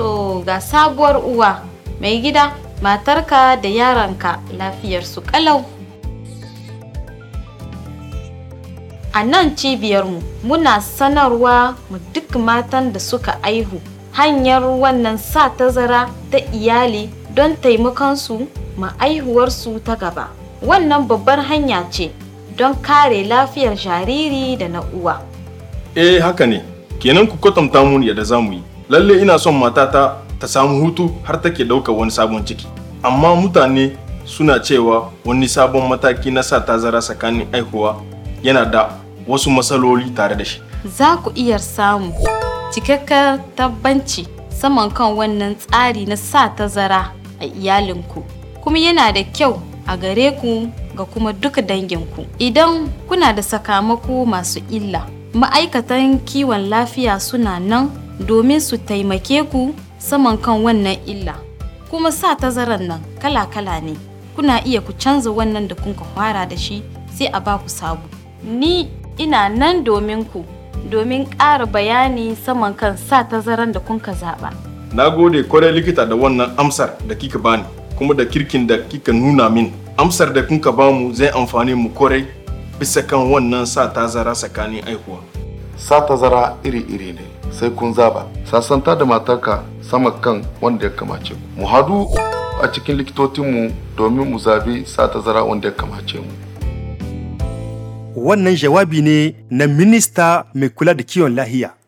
to ga sabuwar uwa mai gida matarka da yaranka lafiyar su kalau a nan cibiyarmu muna sanarwa mu duk matan da suka aihu hanyar wannan sa tazara ta iyali don taimakonsu ma su ta gaba wannan babbar hanya ce don kare lafiyar jariri da na uwa eh haka ne kenan ku kwatanta mu yadda za mu yi lalle ina son matata ta samu hutu har take ɗaukar wani sabon ciki amma mutane suna cewa wani sabon mataki na sa tazara tsakanin aihuwa yana da wasu matsaloli tare da shi za ku iya samu cikakkar tabbanci saman kan wannan tsari na sa tazara a iyalinku kuma yana da kyau a gare ku ga kuma duka danginku idan kuna da sakamako masu illa ma'aikatan kiwon lafiya suna nan domin su taimake ku saman kan wannan illa. Kuma sa tazaran nan kala-kala ne, kuna iya ku canza wannan da kun fara da shi sai a ba ku sabu. Ni ina nan domin ku, domin ƙara bayani saman kan sa tazaran da kun ka zaɓa. Na gode kwarai likita da wannan amsar da kika bani, kuma da kirkin da kika nuna min. Amsar da kun ka bamu zai amfani mu kwarai bisa kan wannan sa tazara tsakanin aihuwa. Sa tazara iri-iri ne. sai kun zaba sasanta da matarka sama kan wanda ya kamace ku mu hadu a cikin likitotinmu domin mu zabi sa zara wanda ya kamace mu wannan jawabi ne na minista mai kula da kiwon lahiya